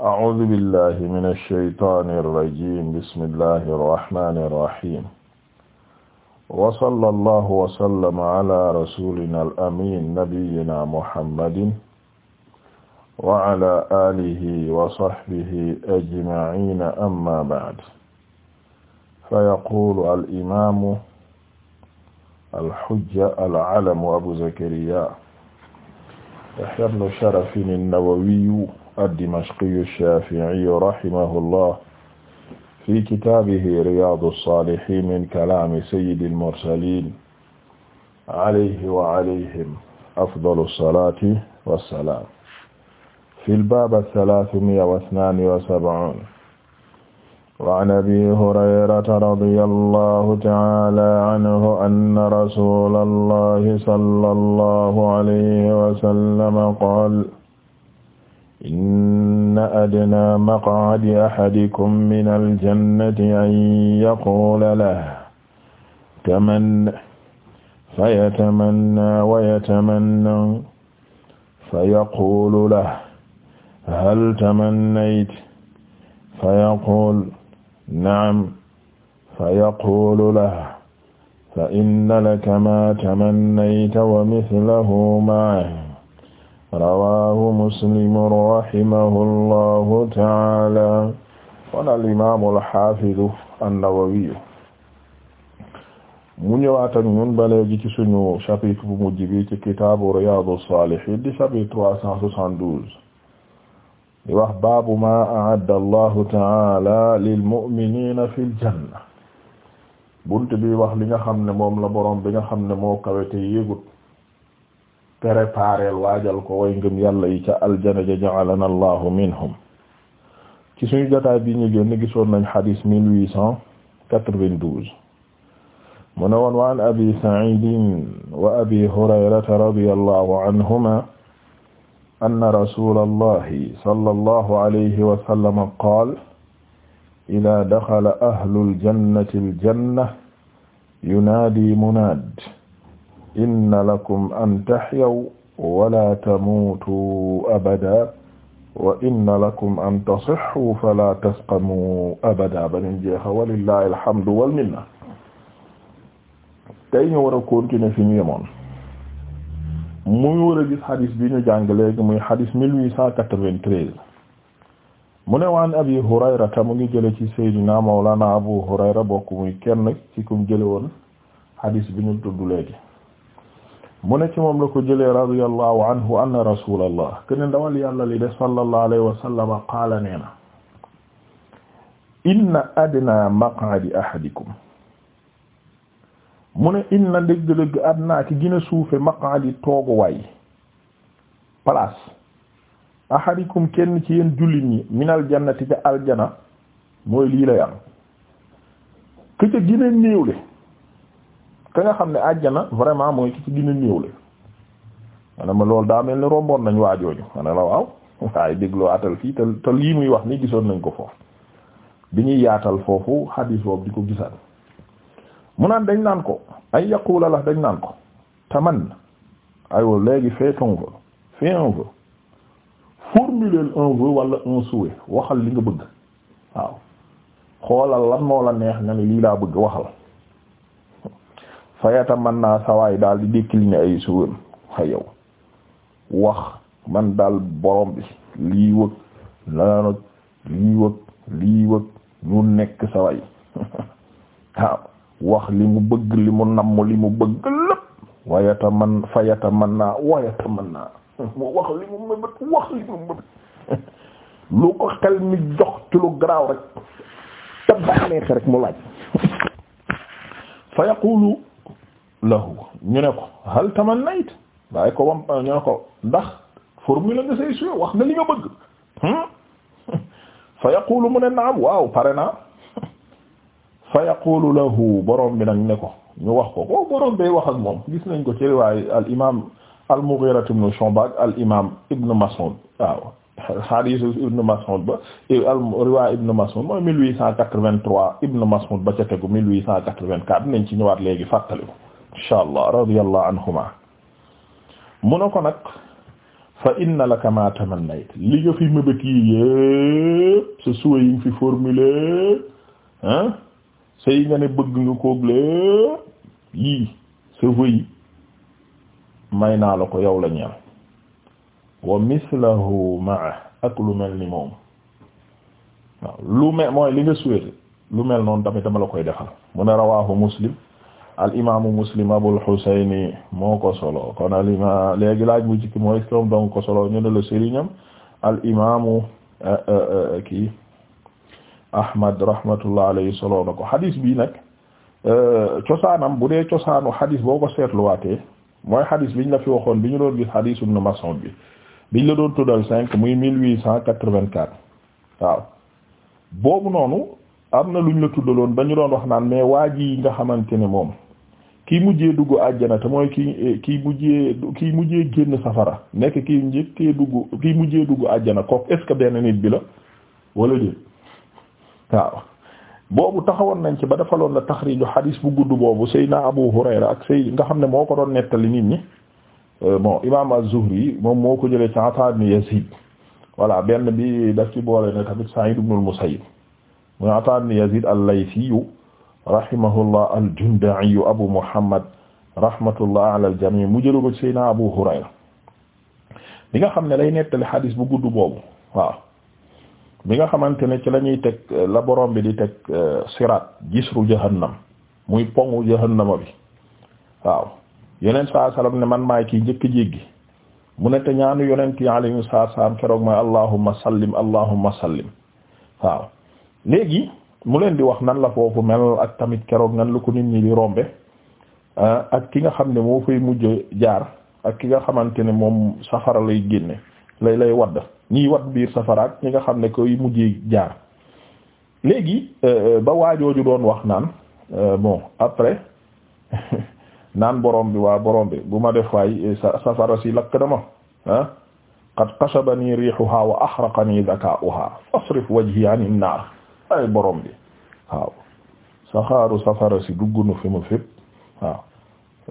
أعوذ بالله من الشيطان الرجيم بسم الله الرحمن الرحيم وصلى الله وسلم على رسولنا الأمين نبينا محمد وعلى آله وصحبه أجمعين أما بعد فيقول الإمام الحجة العلم أبو زكريا يحيى بن شرف النووي ad-Dimashqiyu ash-Shafi'iyu rahimahullah fi kitaabihi Riyaadu as-Saalihiin min kalaami sayyidil mursaliin alayhi wa alayhim afdalu as-salaati was-salaam fil baab ath-thalaathumi'a wa ithnaani wa sab'uun wa 'an Abii Hurayrata radiyallaahu ta'aalaa 'anhu anna rasuulallaahi sallallaahu alayhi wa sallam qaala inna adnaa maq'adi ahadikum mina aljannati an yaquula lahu tamanna fayatamanna wa yatamanna fayaquulu lahu hal tamannayta fayaquulu na'am fayaquulu lahu fa inna laka maa tamannayta wa mithluhu ma'ahu rawaahu muslimun rahimahullahu taala kon al imaamu alxaafidu annawawiyu mu ñëwaat ak ñun ba léegi ci suñu chapitre bu mu bi ci kitaabu riyaadu saalihiin di chapitre trois cent soixante-douze di wax baabu ma a'adda allahu taala lil mu'miniina fil bunt bi wax li nga xam ne moom la borom bi nga xam ne moo kawete yéegut prépareel waajal ko way ngëm yàlla yi ca aljana ja ja'alana allahu minhum ci suñu jotaay bi ñu génn gisoon nañ xadis mille huit cent quatre-vingt-douze mu ne woon wa an abi saidin wa abi hurayrata radiyallahu anhuma anna rasulallahi sallallahu alayhi wa sallam qaal ida daxala ahlu aljannati aljanna yunaadi inna lakum an taxyaw wala tamuutu abada wa inna lakum am tasixu fala tasqamu abada banin jeexa walillahi alhamdu wal minna tey ñu war a continuer fi ñu yemoon muy war a gis xadis bi ñu jàng léegi muy xadis mille huit cent quatre vingt mu ne waan abi hurayrata mu ngi jële ci seydina mawlana abu hurayra bokk muy kenn ci kum jële woon xadis bi ñu tudd léegi mu ne ci moom la ko jëlee radiyallahu anhu rasulallah kene ndawal yàlla li de sallallahu alayhi wa sallama qaala nee na inna adna maq'adi ahadikum mu ne inna dëgg-dëgg adna ki gën a suufe maq'adi tooguwaay place ahadikum kenn ci yéen jullit ñi minal jannati ca aljana mooy lii la yam ke ca gën a néewle ka nga xam ne àjjana vraiment mooy ki ci gën néew la ma ne ma loolu daa mel ni romboon nañ waa jooju ma ne la waaw waaye dégloo atal fii te te lii muy wax ni gisoon nañ ko foofu bi ñuy yaatal foofu hadis boobu di ko gisaat mu naan dañ naan ko ay yaqula la dañ naan ko taman aywa léegi fait ton vœu fais un vœu formuler un vœu waxal li nga bëgg waaw xoolal lan moo la neex nga ne lii laa bëgg waxal fayata man naa sawaay daal di décliner ay suwén a yow wax man daal borom bi lii wëg laanag lii wëg ñu nekk saway waaw wax li mu bëgg li mu namm li mu bëgg lépp wayata man fayata man naa wayata man naa mu wax li mu mëbët wax li mu mëbët lu ko xel mi jox ci lu garaaw rek te baaneexe rek mu laaj fa yaqulu lahu ñu ne ko hal tamannayt waaye ko wam ñu ko ndax formule nga say suyo wax nga li nga bëgg hmm? fa yaqulu mu ne naam waaw pare naa fa yaqulu lahu borom bi nag ne ko ñu wax ko ko borom bay wax ak moom gis nañ ko ci riwaaya al imam al Mughira ibn Shu'ba al imam ibn Mas'ud waaw hadith ibn Mas'ud ba al riwaaya ibn Mas'ud mooy 1883 ibn Mas'ud ba ca tegu 1884 nañ ci ñëwaat léegi fàttali ko insha allah radiyallahu anhuma mu ne ko nag fa inna laka ma tamannayt li nga fi mébét yi yépp sa suwa yi nga fi formulé hein sa yi nga ne bëgg nga koogle yii sa vëyi may naa la ko yow la ñeel wa mislahu maa ak lu mel ni moom waaw lu mel mooy li nga souhaité lu mel noonu dama la koy defal mu ne rawahu muslim al imaamu muslim abul xusayni moo ko solo kon al imaam léegi laaj mu jikki mooy koom doon ko solo ñu ne la sëriñam al imaamu eh, eh, eh, kii Ahmad rahmatullah alayhi solo na ko hadis bi nag cosaanam bu dee cosaanu hadis boo ko seetluwaatee mooy hadis biñ la fi waxoon bi ñu doon gis hadis Ibn Mas'ud bi biñ la doon tuddal cinq muy mille huit cent quatre vingt waaw boobu noonu am na lu luñ la tuddaloon ba ñu doon wax naan mais waa ji yi nga xamante ne moom. kii mujjee dugg àjjana te mooy kii eh, kii mujjee kii mujjee génn safara nekk kii njëkkee dugg kii mujjee dugg àjjana kook est ce que benn nit bi la wala déet waaw boobu taxawoon nañ ci ba defaloon la taxriiju xadiis bu gudd boobu Seydina Abu Hurayra ak Seydina nga xam ne moo ko doon nettali nit ñi euh, bon imaam Az-Zuhri moom moo ko jëlee ci Ataa ibn Yaziid benn bi daf ci boole na tamit sa ibn al-Musayyib mu Ataa ibn Yaziid al-Laysi rahimahullah al-Jundai abu Muhammad rahmatullah ala al-jami mu jëloon ci Seydina Abu Hurayra bi nga xam ne lay nettali xadis bu gudd boobu waaw bi nga xamante ne ci la ñuy teg la borom bi di teg euh, siraat jisru jahannam muy pongu jahannama bi waaw yeneen saa salaam ne man maay ki njëkk jéggi mu ne te ñaanu yonent sa alayhi salaam keroog mooy allahumma sallim allahumma sallim waaw léegi. mu leen di wax nan la foofu mel ak tamit keroog nan la ko nit ñi di rombe ah, ak ki nga xam ne moo fay mujj jaar ak ki nga xamante ne moom safara lay génne lay lay wadd ñiy wadd biir safara ak nga xam ne koy mujjee jaar léegi euh, ba waajooju doon wax naan euh, bon après naan borom bi waa borom bi bu ma def waay safara si lakk na ma ah qad qashabani rihuha wa ahraqani dhaka'uha fasrif wajhi 'ani an-nar ay borom bi waaw saxaaru safara si duggunu fi ma fépp waaw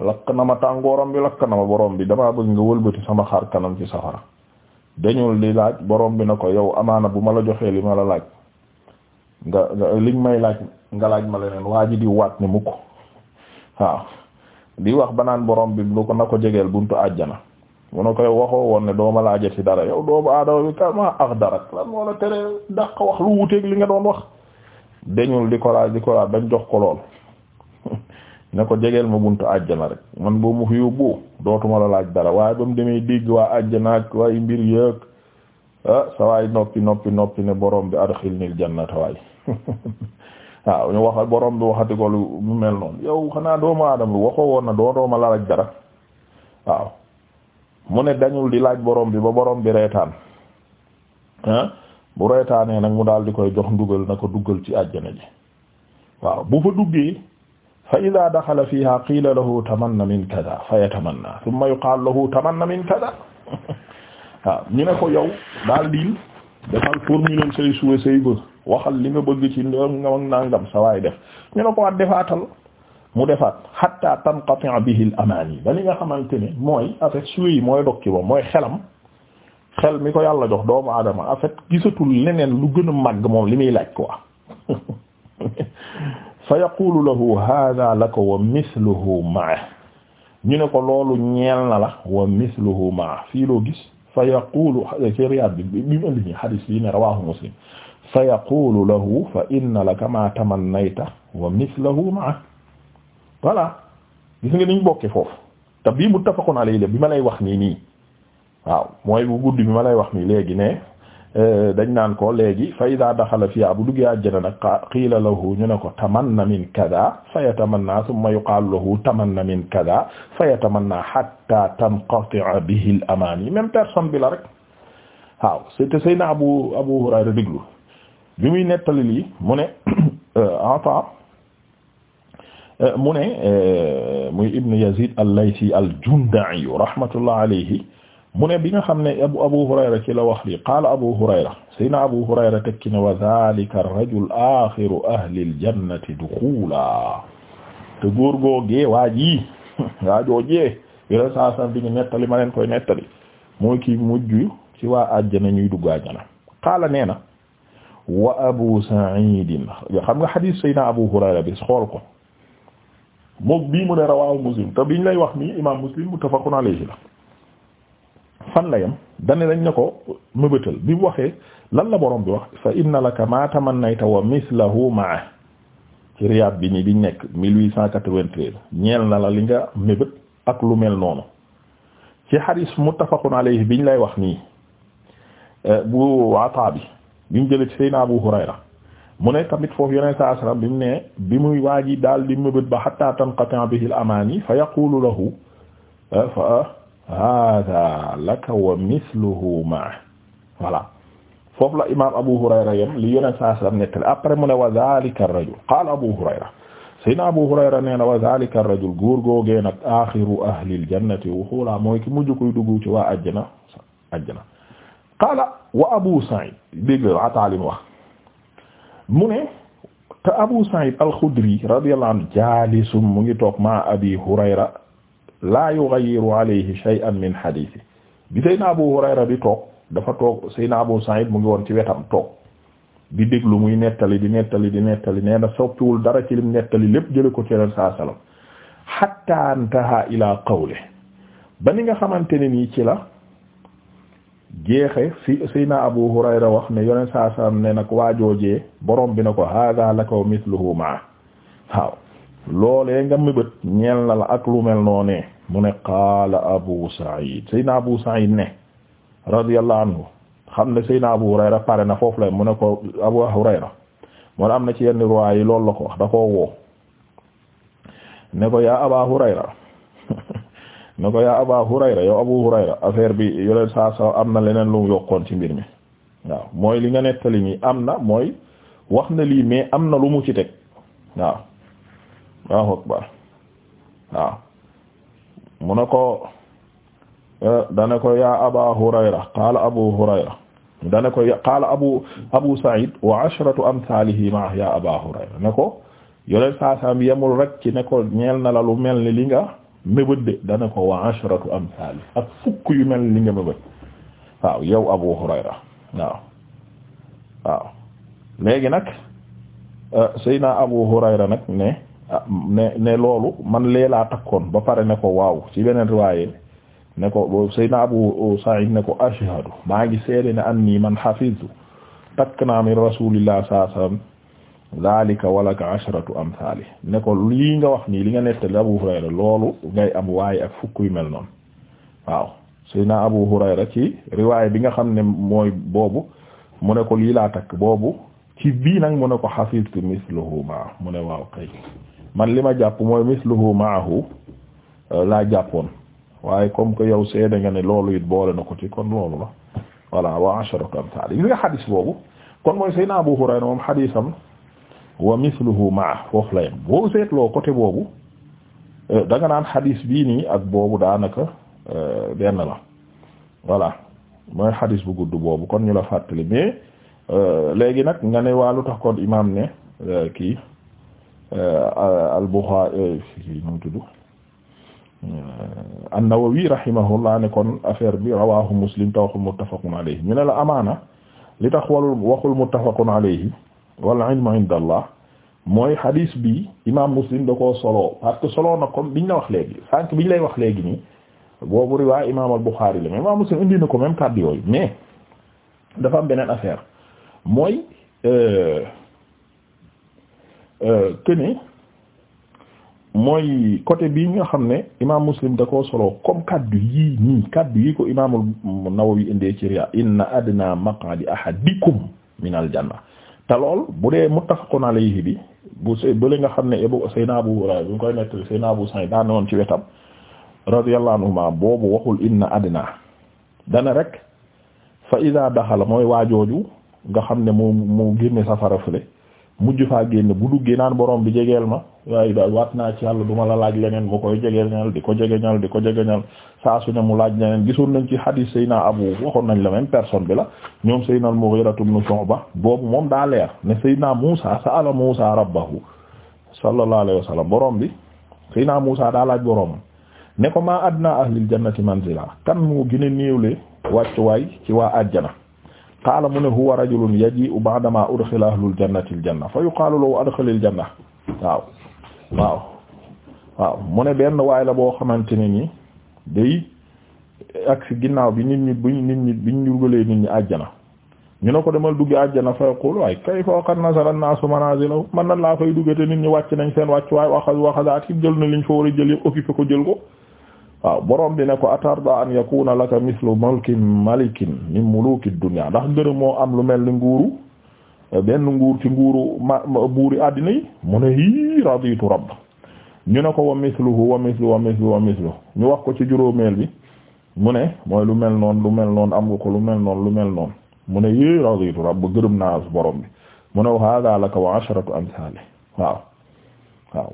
lakk na ma tàngooram bi lakk na ma borom bi damaa bëgg nga wëlbati sama xar kanam ci safara dañul di laaj borom bi na ko yow amaana bu ma la joxee li ma la laaj nga liñ may laaj nga laaj ma leneen waa ji di waat ne mukk waaw di wax banaan borom bi lu na ko jegeel buntu àjjana mu ne koy waxoo woon ne dooma laajati dara yow doomu aadama bi kama axdarak lan moo la tere daq wax lu wuteeg li nga doon wax dañul di ko di ko laaj jox ko lool ne ko jegeel ma buntu àjjana rek mu fi yóbbu dootuma la laaj dara waaye ba mu demee dégg waa àjjana waaye mbir yëg ah sa waay noppi noppi noppi ne borom bi adxilnil jannata waay waaw ñu wax borom bi waxati ko lu mel noonu yow xanaa doomu aadama bi waxoo woon na doo dooma la laaj dara waaw mu ne dañul di laaj borom bi ba borom bi reetaan ah bu reetaanee nag mu daal di koy jox ndugal na ko duggal ci àjjana ji waaw bu fa duggee fa ida daxala fiha qiila lahu tamanna min kada fa yatamanna thumma yuqaalu lahu tamanna min kada waaw ñu ne ko yow daal diil defal formuler say suwe say bë waxal li nga bëgg ci ndog nga mag nangam sa def ñu ne ko wat defaatal mu defaat hatta tanqati'a bihi al-amani ba li nga xamante ne mooy en suy mooy dog ci mooy xelam xel mi ko yàlla jox doomu aadama en fait gisatul leneen lu gën a màgg moom li muy laaj quoi fa yaqulu lahu laka wa mithluhu ma'ah ñu ne ko loolu ñeel na la wa mithluhu ma'ah fii loo gis fa yaqulu ci riyaad bi bi mu indi nii hadis bi ne rawahu muslim fa yaqulu lahu inna laka ma tamannayta wa mithluhu ma'ah voilà gis nga niñ bokkee foofu te bii muttafaqun alayhi la bi ma lay wax nii nii waaw mooy bu guddi bi ma lay wax nii léegi ne euh, dañ naan ko léegi fa ida daxala fiha bu duggee àjjana nag qiila lahu ñu ne ko tamanna min kada fa yatamanna summa yuqaalu lahu tamanna min kada fa yatamanna hatta tanqati'a bihi al amani même personne bi la rek waaw c'était sayna abu abu hurayra déglu bi muy nettali lii mu ne ata euh, Euh, mu ne euh, muy Ibn Yazid al-Laythi al-Junda'i rahmatullah alayhi mu ne bi nga xam ne abu Abu Hurayra ci la wax lii qaala Abu Hurayra sayna Abu Hurayra tekki ne wa dhaalika ar-rajul aaxiru ahli al-jannati duxuula te góor googee waa ji waa joojee yeneen saa sant bi ñu nettali ma leen koy nettali mooy kii mujj ci waa àjjana ñuy dugg àjjana qaala nee na wa Abu Sa'iid xam nga hadiis sayna Abu Hurayra bi xool ko. moom bii mu ne rawaahu muslim te biñ lay wax nii imaam muslim muttafaqun alayhi la fan la yam dane lañ ne ko mëbëtal bi mu waxee lan la borom bi wax fa inna laka ma tamannayta wa mislahu ma'a ci riyaad bi ni biñ nekk 1893 ñeel na la li nga mébét ak lu mel noonu ci xadis muttafaqun alayhi biñ lay wax nii eh, bu ataa bi biñ jëlee ci Seydina Abu Hurayra mu ne tamit foofu yeneen saa salaam bi mu ne bi muy waaji daal di mëbët ba hatta tanqata bihi al-amaani fa yaqulu lahu fa hada laka wa mithluhu ma voilà foofu la imaam Abu Hurayra yem li yeneen saa salaam nettali après mu ne wa zaalika ar-rajul qaala Abu Hurayra sayna Abu Hurayra nee na wa zaalika ar-rajul góor googee nag aaxiru ahli al-jannati wa xuulaa mooy ki mujj kuy dugg ci waa àjjana àjjana qaala wa Abu Sa'id dégg nga wax. mu ne te Abu Sa'id al-Khudri radiyallahu anhu mu ngi toog ma Abi Hurayra la yughayyiru alayhi shay'an min hadithi bi Seydina Abu Hurayra di toog dafa toog na Abu Sa'id mu ngi woon ci wetam toog di déglu muy nettali di nettali di nettali nee na soppiwul dara ci lim nettali lépp jële ko ci ren saa salaam ila qawli ba ni nga xamante ne nii ci la. jeexe fi sayna Abu Hurayra wax ne yoneen saa saam ne nag waajoojee borom bi na ko hada laka mithluhu ma waaw loolee nga mébét ñeel na la ak lu mel noo mu ne qaala Abu Sa'id sayna Abu Sa'id ne radiyallahu anhu xam ne sayna Abu Hurayra pare na foofu la mu ne ko Abu Hurayra moo am na ci yenn roi yi loolu la ko wax da koo woo ne ko yaa Aba Hurayra ne ko yaa Aba Hurayra yow Abu Hurayra affaire bi yoleen saa am na leneen lu mu yokkoon ci mbir mi waaw mooy li nga nettali nii am na mooy wax na lii mais am na lu mu ci teg waaw waaw mu ne ko eh, dane ko ya Aba Hurayra qaala Abu Hurayra dane ko qaala Abu Abu Sa'id wa ashratu amthalihi ma yaa Aba Hurayra ne ko yoleen saa sa yemul rek ci ne ko ñeel na la mel ni li nga mébét de dana ko wa ashratu amsal ak fukk yu mel ni nga mébét waaw yow Abu Hurayra waaw waaw léegi nag euh, Seydina Abu Hurayra nag ne ah, ne loolu man leelaa takkoon ba pare ne ko waaw ci beneen riwaaye ne ko Seydina Abu euh, Sa'id ne ko ashhadu maa ngi seede ne an nii man hafiztu takk naa min rasulillah sallallahu daalika wala asharatu amthali ne ko li nga wax nii li nga nettali Abu Hurayra loolu ngay am waaye ak fukk yu mel noon waaw Seydina Abu Hurayra ci riwaay bi nga xam ne mooy boobu mu ne ko lii laa boobu ci bii nag mu ne ko hafiztu misluhu ma mu ne waaw kay man li ma jàpp mooy misluhu maahu euh, laa jàppoon waaye comme que yow seede nga ne loolu it boole na ko ci kon loolu la voilà wa asharatu amthali yi nga xadis boobu kon mooy Seydina Abu Hurayra moom xadisam wa mithluhu ma foofu la yem boo seetloo côté boobu euh, da nga naan bii nii ak boobu daanaka euh, benn la voilà mooy xadis bu gudd boobu kon ñu la fàttali mais euh, léegi nag nga ne waa lu tax kon imaam ne kii al-Bukhari kii nu mu tudd an-Nawawi rahimahullah ne kon affaire bi rawahu Muslim tawaxul muttafaqun alayhi ñu ne la amaana li tax walul waxul muttafaqun alayhi wal ilmu inda mooy hadis bi imam muslim da koo solo parce que solo na comme ñu la wax léegi bi biñ lay wax léegi nii boobu riwaay imam al buxaari la mais imam muslim indi na ko même kàddu yooyu mais dafa am beneen affaire mooy euh, euh, que mooy côté bi nga xam ne imam muslim da koo solo comme kaddu yii nii kaddu yi ko imamul nawawi indee ci riyaa inna adna maq'adi ahadikum min al janna te lool bu dee muttafaqun alayhi bi bu see bële nga xam ne Abu Sayna Abu Hurayra bi ñu koy nettali Sayna Abu Sa'id daan woon ci wetam radiyallahu anhuma boobu waxul inna àddina dana rek fa iza daxala mooy waajooju nga xam ne moo moo génne safara fële mujj faa génn bu duggee naan boroom bi jegeel ma waaye daal waat naa ci yàlla du la laaj leneen mu koy jegeñal di ko jegeñal di ko jegeñal saa su ne mu laaj leneen gisoon nañ ci hadis Seyna Abu waxoon nañ la même personne bi la ñoom Seyna al-Mughira ibn Shu'ba boobu moom daa leer ne Seyna Musa sa'ala Musa rabbahu sallallahu alayhi wa sallam borom bi Seyna Musa daa laaj borom ne ko maa adna ahlil jannati manzila kan moo gën a néewle wàccuwaay ci waa àjjana. qaala mu ne huwa rajulun u baa udxila ahlul jannati al janna fa yuqaalu lahu adxilil janna waaw waaw waaw mu ne benn waay la boo xamante ne ni day ak si ginnaaw bi nit ñi buñ nit ñi biñ dugalee nit ñi àjjana ñu ne ko demal duggi àjjana fa yaqulu waaye kayfa wa qad nazala an-naasu manaazilahu man nan laa fay duggee te nit ñi wàcc nañ seen wàcc waaye waxal waxazaat yi jël na liñ fa war a jël yëpp occupé ko jël ko waaw borom bi ne ko atarda an yakuna laka mislu mulkin malikin min muluki dunya ndax ngërëm moo am lu mel ni nguuru benn nguur ci nguuru ma buuri àddina yi mu ne hi raditu rabb ñu ne ko wa misluhu wa mislu wa mislu wa mislu ñu wax ko ci juróomeel bi mu ne mooy lu mel noon lu mel noon am nga ko lu mel noon lu mel noon mu ne hi raditu rabb gërëm naa borom bi mu ne hada laka wa asharatu amsali waaw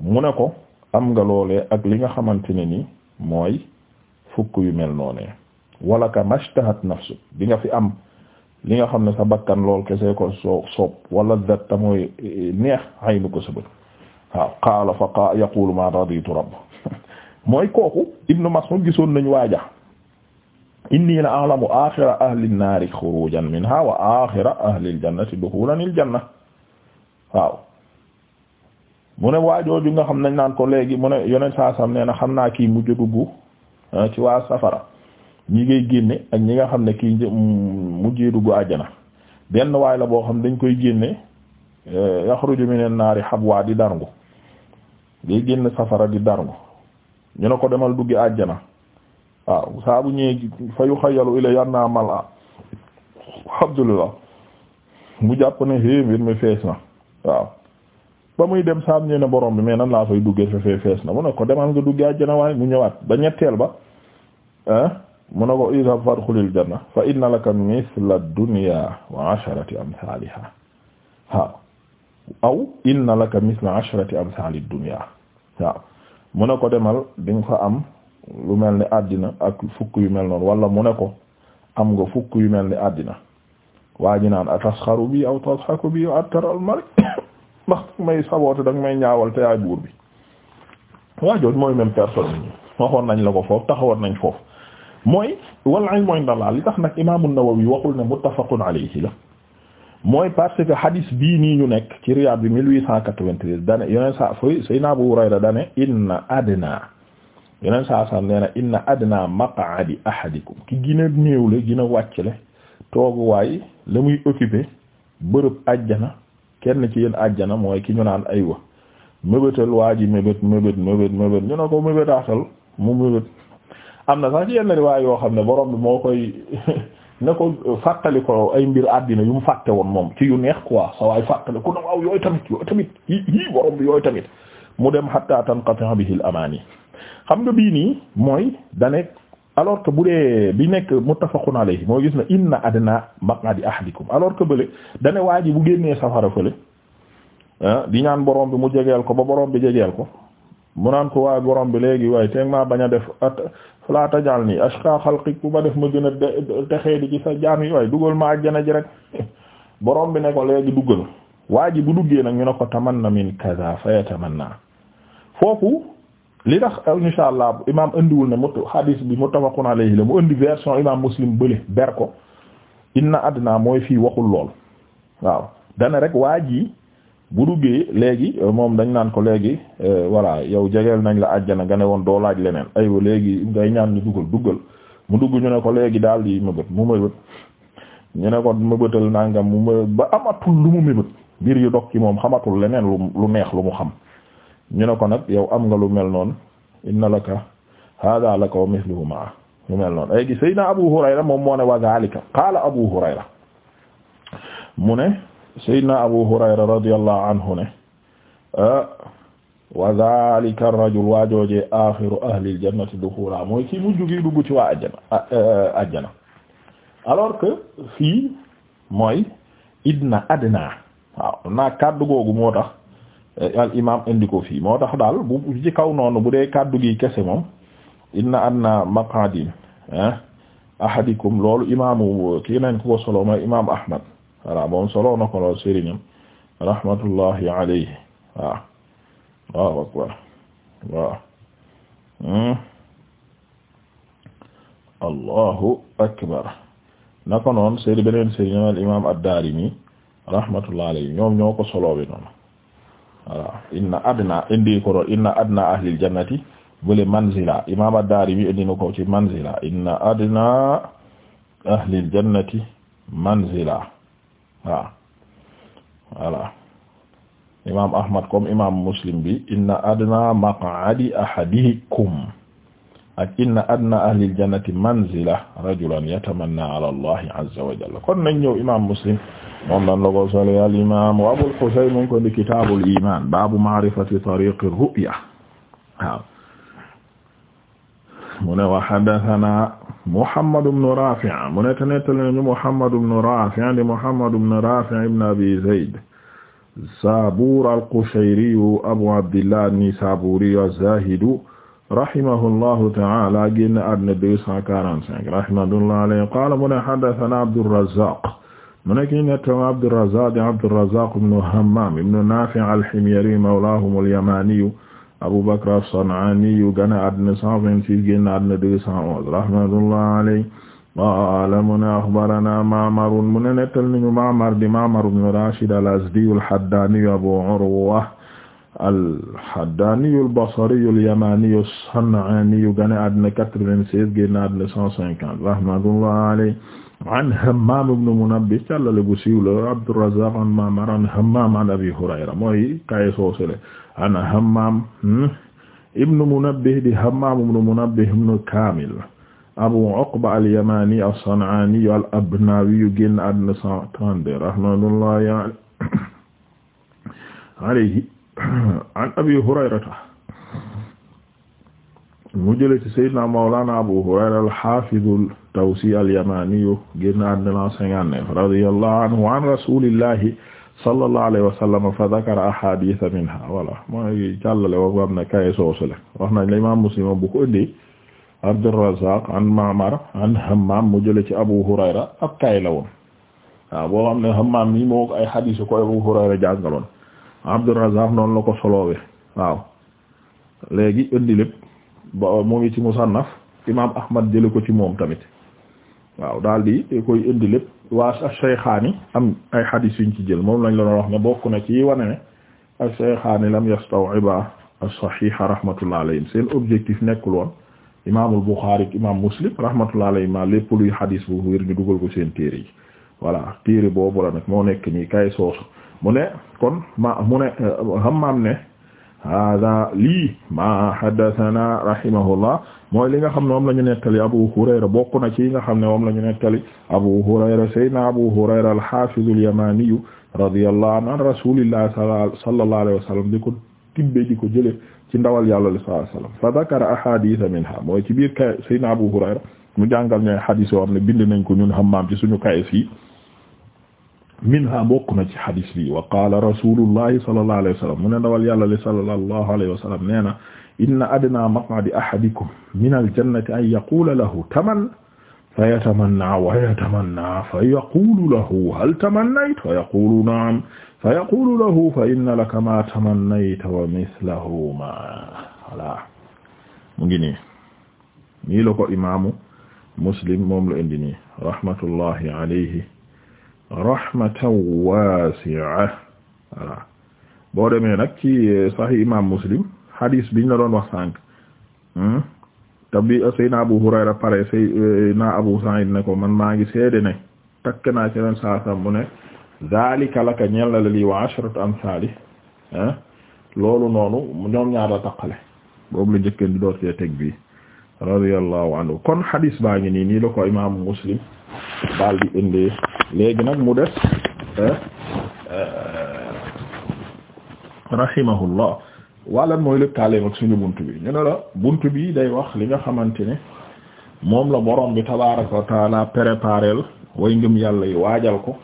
mu ne ko am nga loolee ak li nga xamante ne nii mooy fukk yu mel noonu wala ka mashtahat nafsu di nga fi am li nga xam ne sa bakkan lool kese ko soo soob wala datta mooy eh, neex aynu ko sa bët waaw qaala fa raditu rabb mooy kooku ibnu Mas'ud gisoon nañ waaja inni la a'lamu axira ahli nnaari xurujan minha wa axira ahli aljannati duxulan aljanna waaw mu ne waajooju nga xam nañ naan ko léegi mu ne yonent saa sam nee xam naa kii mujj dugg ah, ci waa safara ñi ngay génne ak ñi nga xam ne kii mm, mujjee dugg àjjana benn waay la boo xam dañ koy génne eh, yaxruju minan naari habwa di darngu day génn safara di darngu ñu ne ko demal duggi àjjana waaw ah, saa bu ñëwee fa yu xayalu ila yanna mala abdullah ah, mu jàpp ne hé mbir mi fees na waaw ba muy dem saam ñu ne borom bi mais nan laa fay duggee fees na mu ne ko demal nga duggee àjjana waaye mu ñëwaat ba ñetteel ba ah ko isa fadxulil janna fa inna laka misla dunya wa asharati amsaliha waaw aw inna laka misla asharati amsali ko am lu mel ni àddina ak fukk yu mel noonu wala mu ne ko am nga fukk yu mel ni àddina waa ji naan atasxaru bi aw tasxaku bi yow attaral mari ndax may saboote danga may ñaawal te yaay buur bi waa mooy même personne waxoon nañ la ko foofu taxawoon nañ foofu mooy wal ilmu inda Allah li tax nag imaamu Nawawi waxul ne muttafaqun alayhi la mooy parce que hadis bii nii ñu nekk ci Riyad bi 1893 dane yeneen saa fooy Seydina Abu Hurayra dane inna adna yeneen na inna adna maq'adi ahadikum ki gën a néewle gën a wàccale tooguwaay la muy occupé bërëb àjjana kenn ci yéen àjjana mooy ki ñu naan aywa mébétal waa ji mébét mébét mébét mébét ñu ne ko mébétaatal mu mébét am na sax ci yenn riwaay yoo xam ne borom bi moo koy ne ko fàttali ay mbir àddina yu mu fàtte woon moom ci yu neex quoi sa waay fàttali ku ne waaw yooyu tamit yooyu tamit yii borom bi yooyu tamit mu dem hatta tanqati bihi al amani xam nga bii nii mooy da nekk alors que bu dee bi nekk muttafaqun alayhi moo gis na inna adna maq'adi ahadikum alors que bële dane waa ji bu génnee safara fële ah, di ñaan borom bi mu jegeel ko ba borom bi jegeel ko mu naan ko waaye borom bi léegi waaye teeg maa bañ a def at laa tajal nii ashqa xalqik bu ba def ma gën a texee di ci sa jaam yi waaye dugal ma àjjana ji rek borom bi ne ko léegi duggal waa ji bu duggee nag ñu ne ko tamanna min kaza fa yatamanna foofu li tax insha allah imaam indiwul ne mut hadis bi naa alayhi la mu indi version imaam muslim bële ber ko inna àddina mooy fii waxul lool waaw dana rek waa ji bu duggee léegi moom dañ naan ko léegi euh, voilà yow jegeel nañ la àjjana nga ne woon doo laaj leneen aywa léegi ngay ñaan ñu dugal dugal mu dugg ñu ne ko léegi daal di mëbët mu mëbët ñu ne ko mëbëtal nangam mu ba amatul lu mu mëbët mbir yu dog ci moom xamatul leneen lu neex lu mu xam ñu ne ko nag yow am nga lu mel noonu inna laka hada laka wa mithluhu ma'a lu mel noonu léegi Abu Hurayra moom moo ne wa zalika qaala Abu Hurayra mu ne Seydina Abu Hurayra radiyallahu anhu ne ah, rajul waa joojee axiru ahlil jannati dukhula mooy kii mujj gi dugg ci waa ajjana ah, ajjana alors que fii mooy idna adna naa kàddu googu moo Eh, al indi ko fii moo tax daal bu ci kaw noonu bu dee kàddu gi kese moom inna anna maqadin eh, ahadikum loolu imaamu kii nañ ko ko solo mooy imam ahmad voilà moom solo na ko lool sëriñam rahmatullahi alayhi waaw hmm. noon sëriñ beneen sëriñam al imam ad rahmatullahi alayhi ñoom ñoo ko solo bi noonu voilà inna adna indi ko ro manzila imam ad-Darimi indi na manzila inna adna ahlil jannati manzila imam Ahmad comme imam Muslim bi inna adna maq'adi ahadikum ak inna adna ahlil jannati manzila rajulan yatamanna ala allahi azza wa jalla kon nañ ñëw imam muslim moom lan la ko sole al imam abul husayn mu ngi ko di kitabul iman babu ma'rifati tariqi ru'ya waaw mu ne wa hadathana muhammad ibn rafi' mu ne te nettali nañu muhammad ibn rafi' di muhammad ibn rafi' ibn abi zayd zabur al-qushayri abu abdillah an-nisaburi az-zahid rahimahullahu ta'ala génn àdduna deux cent quarante cinq rahimahullah alayhi qaala mu ne haddathana Abdurrazzaq mu ne kii nettama Abdurrazzaq di Abdurrazzaq ibnu Hammam ibnu Nafi' al-Himyari mawlahum al-Yamani Abu Bakr as-San'ani génn àdduna cent vingt-six génn àdduna deux cent onze rahimahullah alayhi qaala mu ne akhbarana Ma'mar mu ne nettal nañu Ma'mar di Ma'mar ibnu Rashid al-Azdi al-Haddani Abu Urwa al-Haddaniyu al-Basriyu al-Yamaniyu as-San'aniyu gane àddina 96 génn àddina 150 rahmatullahi alayhi an Hammam ibn Munabbih càllale bu siiw la Abdurrazzaq an Ma'mar an Hammam an Abi Hurayra mooy kayi soosele an Hammam hmm, ibn Munabbih di Hammam ibn Munabbih ibn Kamil Abu Uqba al-Yamani as-San'ani al-Abnawi génn àddina 132 rahmatullahi alayhi an abi hurayrata mu jële ci sayyidina mawlana abu hurayra al-haafidul tawsi al-yamaniyu génna àddina la cinquante-neuf radiyallahu anhu an rasulillahi sallallahu alayhi wa sallam fa dhakara ahaditha minha voilà mooy càllale woo xam ne kaye soosule wax nañ la imam muslim bu ko indi abdurrazzaq an ma'mar an hammam mu jële ci abu hurayra ab kaye la woon waaw boo xam ne hammam mi moo ko ay hadith ko abu hurayra jàngaloon Abdurrazzaq noonu la ko soloowe waaw léegi indi lépp ba mu ngi ci musannaf imaam Ahmad jële ko ci moom tamit waaw daal di koy indi lépp waa Shaykhaani am ay xadiis yuñ ci jël moom lañ la noon wax ne bokk na ci wane ne ash-Shaykhaani lam yastaw'iba as-sahiha rahmatullah alayhim seen objectif nekkul woon imaamul Buxaari ak imaam Muslim rahmatullah alayhim lépp luy xadiis bu wér ñu dugal ko seen téere yi voilà téere boobu la nag moo nekk nii kay soosu mu ne kon ma mu ne euh, Hammaam ne hada lii ma haddathana rahimahullah mooy li nga xam ne moom la ñu nettali Abu Hurayra bokk na ci nga xam ne moom la ñu nettali Abu Hurayra sayyidina Abu Hurayra al-Hafiz al-Yamani radiyallahu anhu an rasulillahi sallallahu alayhi wa sallam ko tibbe di ko jële ci ndawal yàlla sallallahu alayhi wa sallam fa dhakara ahaditha minha mooy ci biir kay sayyidina Abu Hurayra mu jàngal ñooy xadis yoo xam ne bind nañ ko ñun Hammaam ci suñu kayis yi minha bokk na ci xadis bi wa qaala rasulullahi sallallahu alayhi wa sallam mu ne ndawal yàlla li sallallahu alayhi wa sallam nee na inna adna maq'adi ahadikum min aljannati an yaqula lahu taman fa yatamanna wa yatamanna fa yaqulu lahu hal tamannayt fa yaqulu na'am fa yaqulu lahu fa inna laka ma tamannayta wa mithluhu ma voilà mu ngi nii nii la ko imaamu muslim moom la indi nii rahmatullahi alayhi rahmatan wasi'a voilà boo demee nag ci eh, sahih imam muslim hadis biñ la doon wax sànq hmm? tabi eh, Seydina Abu Hurayra pare Seydina Abu Sa'id ne ko man maa ngi seede ne takk naa ci mu ne zaalika laka ñeel na la lii wa ashratu eh? loolu noonu ñoom ñaar la taqale boobu door see teg bii radiyallahu anhu kon hadis baa ngi nii nii la ko imaamu muslim daal di indee léegi nag mu des eh, eh, rahimahullah wàllan mooy lëkkaaleem ak suñu bunt bi ñu ne la bunt bi day wax li nga xamante ne moom la borom bi tabaraka wa taala préparel way ngëm yàlla yi waajal ko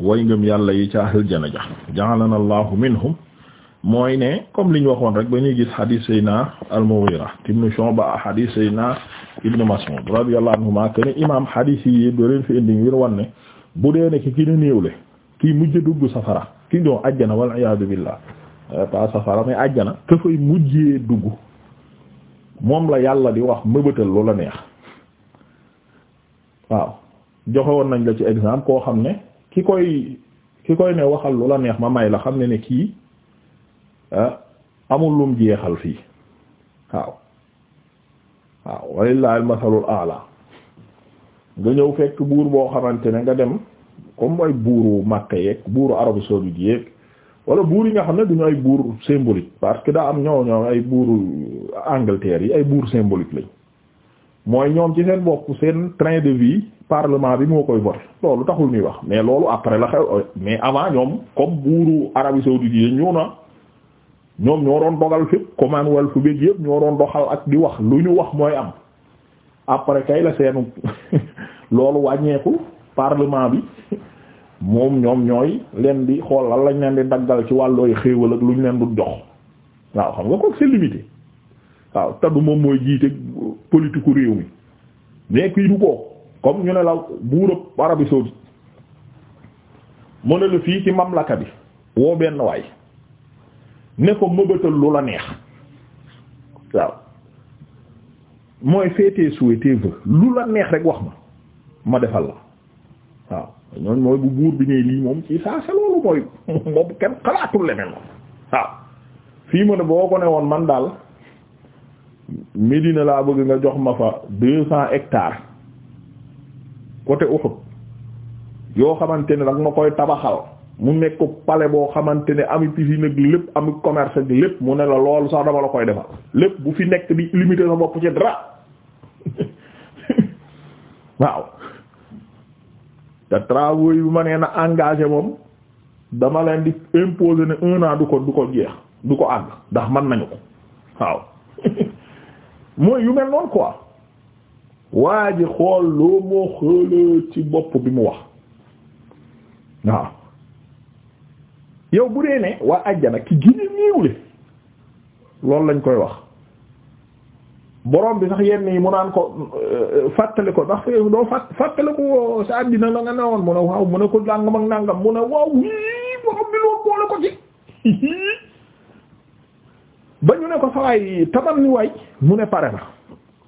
way ngëm yàlla yi ca aljana ja ja'alana allahu minhum mooy ne comme li ñu waxoon rek ba ñuy gis hadith sayna al-Mughira ibn Shu'ba hadith sayna ibn Mas'ud radiyallahu anhuma ken imam hadith yi yëpp fi indi ngir wan ne bu dee ne ki ki ne néewle kii mujj dugg safara kii doon ajjana wal iyaadu billah euh, pas safara mais ajjana ka mujjee dugg moom la yàlla di wax mëbëtal lu la neex waaw joxe nañ la ci exemple koo xam ne ki koy ki koy ne waxal lu la neex ma may la xam ne ne kii Ah, amul lum jeexal fii waaw waaw walillahi almasalul ala nga ñëw fekk buur boo xamante ne nga dem comme ay buuru Makka yeeg buuru Arabie saoudite yeeg wala buur yi nga xam ne duñu ay buur symbolique parce que daa am ñoo ñoo ay buuru Angleterre yi ay buur symbolique lañ mooy ñoom ci seen bopp seen train de vie parlement bi moo koy voté loolu taxul ñuy wax mais loolu après la xew mais avant ñoom comme buuru Arabie saoudite yi ñëw na ñoom ñoo doon dogal fépp commande wal fu beeg yëpp ñoo doon doxal ak di wax lu ñu wax mooy am après kay la seenu loolu wàññeeku parlement bi moom ñoom ñooy leen di xool lan lañ leen di daggal ci wàllooy xéewal ak lu ñu leen du jox waaw xam nga ko c'est limité waaw taddu moom mooy jiite politique réew mi mais kii du ko comme ñu ne la buurab Arabie saoudite mu ne la fii ci mamlaka bi woo benn waay ne ko mëbatal lu la neex waaw mooy féetee souhaité vë lu la neex rek wax ma ma defal la waaw ñooñ mooy bu buur bi ne lii moom ci saa sa loolu mooy moom boo ko ne woon man daal Médina laa bëgg nga jox ma fa deux cents hectares côté Ouhoud yoo xamante ne ma koy tabaxal mu nekk pale boo xamante ne ami piscine ak lépp ami commerce ak lépp mu ne la loolu sax dama la koy defal lépp bu fi nekk di limité sa bopp ci dara waaw te travaux yi ma nee na engagé moom dama leen di imposer ne un an du ko du ko jeex du ko àgg ndax mën nañu ko waaw mooy yu mel noonu quoi waa ji xool loo moo xëla ci bopp bi mu wax waaw yow bu dee ne waa àjjana ki gini niiwle loolu lañ koy wax boroom bi sax yenn yi mu naan ko euh, fàttali ko ndax doo fàtt fàttali ko sa àddina la nga mu ne waaw mu ne ko nàngam ak nàngam mu ne waaw wii borom bi loolu boole ko ci ba ñu ne ko sawaay taman waay mu ne pare na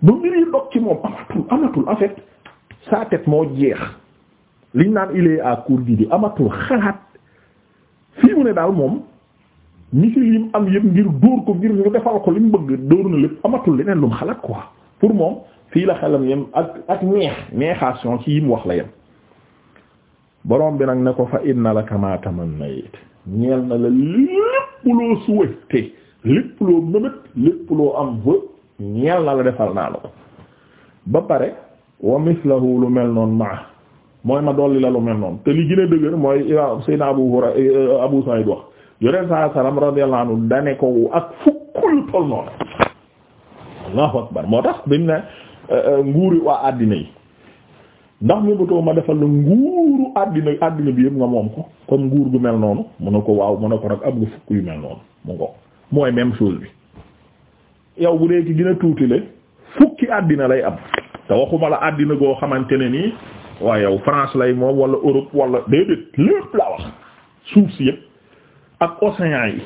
ba mbir yi dog ci moom amatul amatul en fait moo jeex liñ naan il est à court d'idées amatul xalaat fii mu ne daal moom misil yi mu am yëpp ngir dóor ko ngir ñu defal ko li mu bëgg dóor na lépp amatul leneen lu mu xalaat quoi pour moom fii la xelam yem ak ak neex neexation ci yi mu wax la yem. borom bi nag ne ko fa inna laka ma tamannayt ñeel na la lépp loo souhaité lépp loo mëbët lépp loo am vë ñeel na la defal naa la ko ba pare wa mislahu lu mel noonu maa mooy ma dolli la lu mel noonu te li gën a dëgër mooy imaam Seydina Abu Hurayra euh, Abu Saïd wax yoneen saa salaam radiyallahu anhu dane ko ak fukk yu toll noonu allahu akbar euh, euh, àddina ndax mu ma defal la nguuru bi yëpp ko nguur gu mel noonu mu ne ko waaw mu ne ko nag am nga fukk yu mel noonu mu ngo mooy même chose bi yow bu dee ki gën a tuutile fukki àddina lay am te waxuma la àddina goo xamante ne nii waaye yow France lay moom wala Europe wala déedéet lépp laa wax suuf si yëpp ak océan yi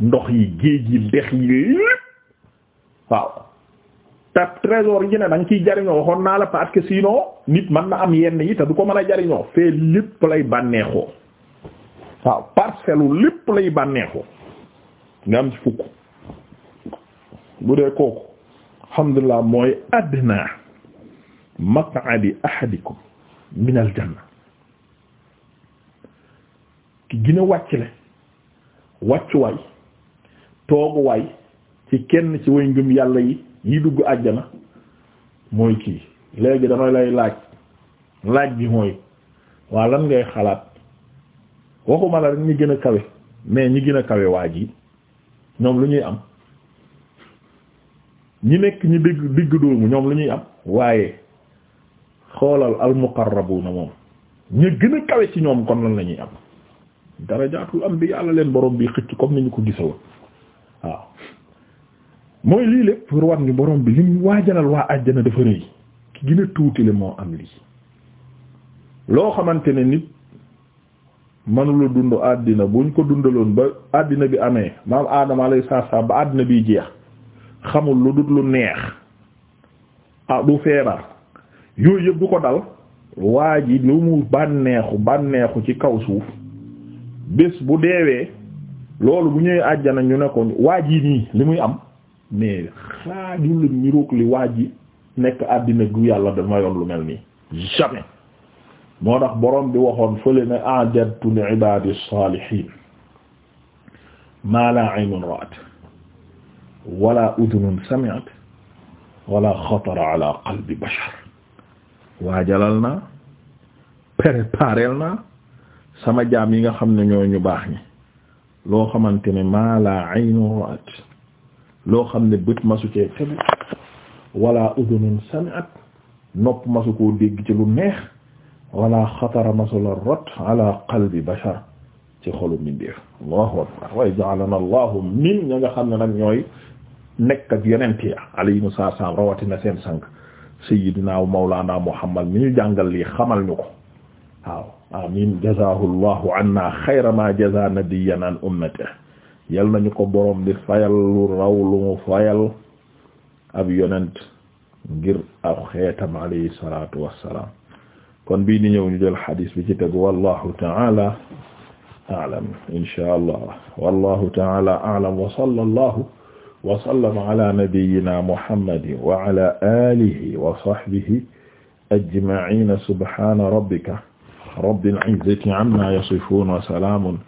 ndox yi géej yi dex yi lépp waaw te trésor yi ne da nga jariñoo waxoon naa la parce que sinon nit man na am yenn yi te du ko mën a jariñoo fee lépp lay bànneexoo waaw parcelle u lépp lay bànneexoo nga am ci fukk bu dee kooku alhamdulilah mooy àddina maq'adi ahadikum min al janna ki gën a wàcc le wàccuwaay tooguwaay ci kenn ci way ngëm yàlla yi yi dugg àjjana mooy kii léegi dama lay laaj laaj bi mooy waa lan ngay xalaat waxuma la rek ñi gën a kawe mais ñi gën a kawe waa ji ñoom lu ñuy am ñi nekk ñi digg digg doomu ñoom lu ñuy am waaye xoolal al muqarrabuna moom ñu gën a kawe ci ñoom kon lan la ñuy am darajaatul anbiya la leen borom bi xëcc comme ni ñu ko gisawoon waaw mooy lii lépp pour war ñu borom bi lim waajanal waa àjjana dafa rëy ki gën a tuuti le moo am lii loo xamante ne nit mënula dund àddina buñ ko dundaloon ba àddina bi amee maam aadama alayhi salaam ba àddina biy jeex xamul lu dut lu neex ah du feebar yooyu yëpp du ko dal waa ji lu mu bànneexu bànneexu ci kaw suuf bés bu deewee loolu bu ñëwee àjjana ñu ne ko waa nii li muy am mais xaaju la niroog li waa ji nekk àddina gu yàlla dama yoon lu mel nii jamais moo tax borom bi waxoon fële ne a'dadtu li ibadi salihin ma la aynun ra'at wala udhunun sami'at wala xatara ala qalbi bashar waa waajalal naa préparel naa sama jaam yi nga xam ne ñoo ñu baax ñi loo xamante ne maa la aynu ra'at loo xam ne bët masu cee tegu wala udunun sami'at nopp masu koo dégg ci lu neex wala xatara masula rot ala qalbi bashar ci xolu mbindeef allahu akbar allahu min ña nga xam ne nag ñooy nekk ak yonent ya alayhimu salaam rawatina seen sang sayyidina wa mawlana muhammad mi ñu jàngal lii xamal ñu ko waaw amin jazaahu allahu anna xayra ma jazaa nabiyyan an ummatihi yal nañu ko borom bi fayal lu raw lu mu fayal ab yonent ngir ab xeetam alayhi salatu wassalam kon bii di ñëw ñu jël xadis bi ci tegu wallahu ta'ala a'lam insha allah wallahu ta'ala a'lam wa sallallahu wa sallama ala nabiyyina muhammadin wa ala alihi wa sahbihi ajma'ina subhana rabbika rabbil izzati amma yasifun wa salamun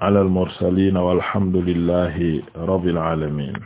ala al mursalin walhamdulillahi rabbil alamin